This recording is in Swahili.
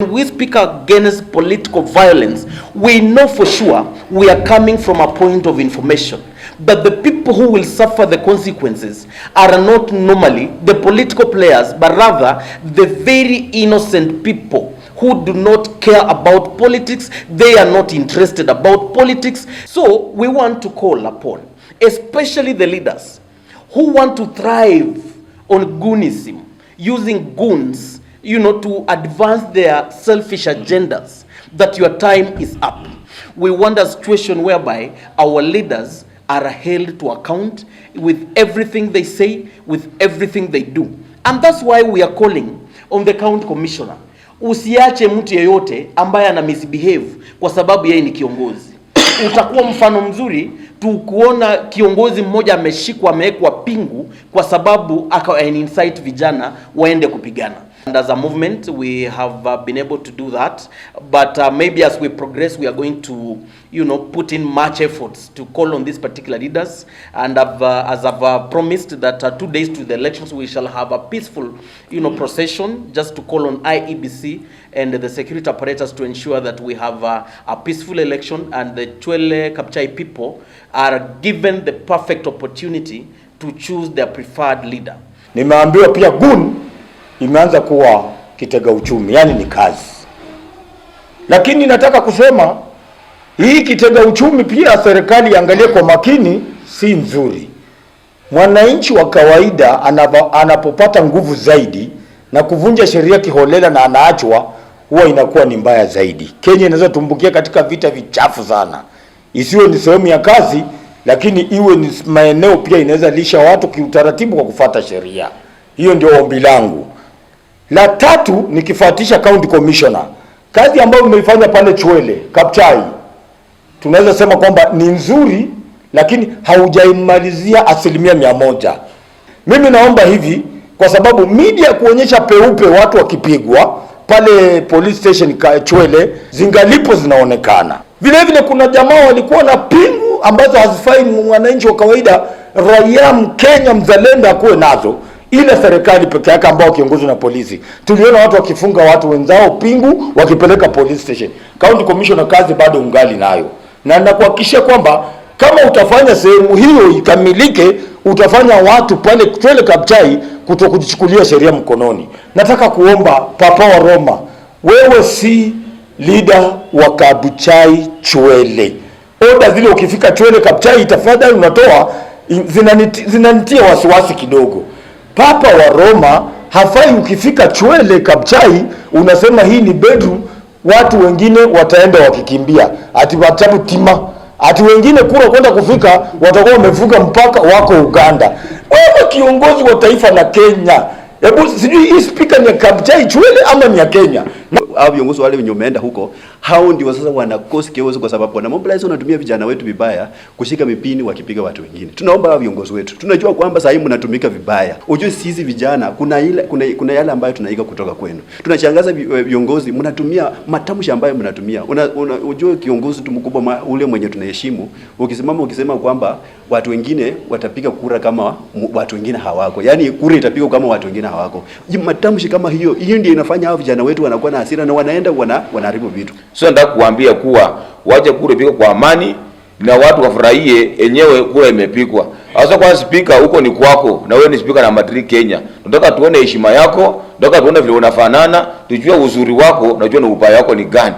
when we speak against political violence, we know for sure we are coming from a point of information. But the people who will suffer the consequences are not normally the political players, but rather the very innocent people who do not care about politics. They are not interested about politics. So we want to call upon, especially the leaders who want to thrive on goonism, using goons you know, to advance their selfish agendas, that your time is up. We want a situation whereby our leaders are held to account with everything they say, with everything they do. And that's why we are calling on the county commissioner. Usiache mtu yeyote ambaye ana misbehave kwa sababu yeye ni kiongozi. Utakuwa mfano mzuri tu kuona kiongozi mmoja ameshikwa amewekwa pingu kwa sababu aka incite vijana waende kupigana. And as a movement, we have uh, been able to do that. But uh, maybe as we progress, we are going to, you know, put in much efforts to call on these particular leaders. And I've, uh, as I've uh, promised that uh, two days to the elections, we shall have a peaceful, you know, procession just to call on IEBC and the security apparatus to ensure that we have uh, a peaceful election and the Chwele Kapchai people are given the perfect opportunity to choose their preferred leader. Nimeambiwa pia gun imeanza kuwa kitega uchumi, yani ni kazi. Lakini nataka kusema hii kitega uchumi pia serikali iangalie kwa makini, si nzuri. Mwananchi wa kawaida anava, anapopata nguvu zaidi na kuvunja sheria kiholela na anaachwa, huwa inakuwa ni mbaya zaidi. Kenya inaweza tumbukia katika vita vichafu sana, isiwe ni sehemu ya kazi, lakini iwe ni maeneo pia inaweza lisha watu kiutaratibu kwa kufata sheria. Hiyo ndio ombi langu. La tatu nikifuatisha county commissioner, kazi ambayo mmeifanya pale Chwele Kapchai, tunaweza sema kwamba ni nzuri, lakini haujaimalizia asilimia mia moja. Mimi naomba hivi, kwa sababu media kuonyesha peupe watu wakipigwa pale police station Chwele, zingalipo zinaonekana vile vile. Kuna jamaa walikuwa na pingu ambazo hazifai mwananchi wa kawaida, raia Mkenya mzalendo akuwe nazo ile serikali peke yake ambao wakiongozwa na polisi. Tuliona watu wakifunga watu wenzao pingu wakipeleka police station. County Commissioner, kazi bado ungali nayo, na nakuhakikishia kwamba kama utafanya sehemu hiyo ikamilike, utafanya watu pale Kitwele Kabuchai kuto kujichukulia sheria mkononi. Nataka kuomba Papa wa Roma, wewe si leader wa Kabuchai Chwele, oda zile ukifika Chwele Kabuchai, tafadhali unatoa zinanitia, zinanitia wasiwasi kidogo. Papa wa Roma hafai, ukifika Chwele Kapchai unasema hii ni bedroom, watu wengine wataenda wakikimbia, ati watabu tima, ati wengine kura kwenda kufika watakuwa wamevuka mpaka wako Uganda. Wewe kiongozi wa taifa la Kenya, hebu sijui hii spika ni ya Kapchai Chwele ama ni ya Kenya? au viongozi wale wenye umeenda huko, hao ndio sasa wanakosa kiongozi, kwa sababu wana mobilize, wanatumia vijana wetu vibaya kushika mipini wakipiga watu wengine. Tunaomba hao viongozi wetu, tunajua kwamba sasa hivi mnatumika vibaya. Ujue sisi vijana kuna ile kuna, kuna yale ambayo tunaiga kutoka kwenu. Tunachangaza eh, viongozi, mnatumia matamshi ambayo mnatumia. Una, una, ujue kiongozi tu mkubwa ule mwenye tunaheshimu, ukisimama ukisema kwamba watu wengine watapiga kura kama watu wengine hawako, yani kura itapigwa kama watu wengine hawako. Matamshi kama hiyo, hiyo ndio inafanya hao vijana wetu wanakuwa na hasira na wanaenda wana, wanaharibu vitu. Sio nataka kuambia kuwa waje kule pika kwa amani na watu wafurahie enyewe kura imepikwa. Sasa kwa spika huko ni kwako na wewe ni spika na Madrid Kenya. Nataka tuone heshima yako, nataka tuone vile unafanana, tujue uzuri wako na tujue upaya wako ni gani.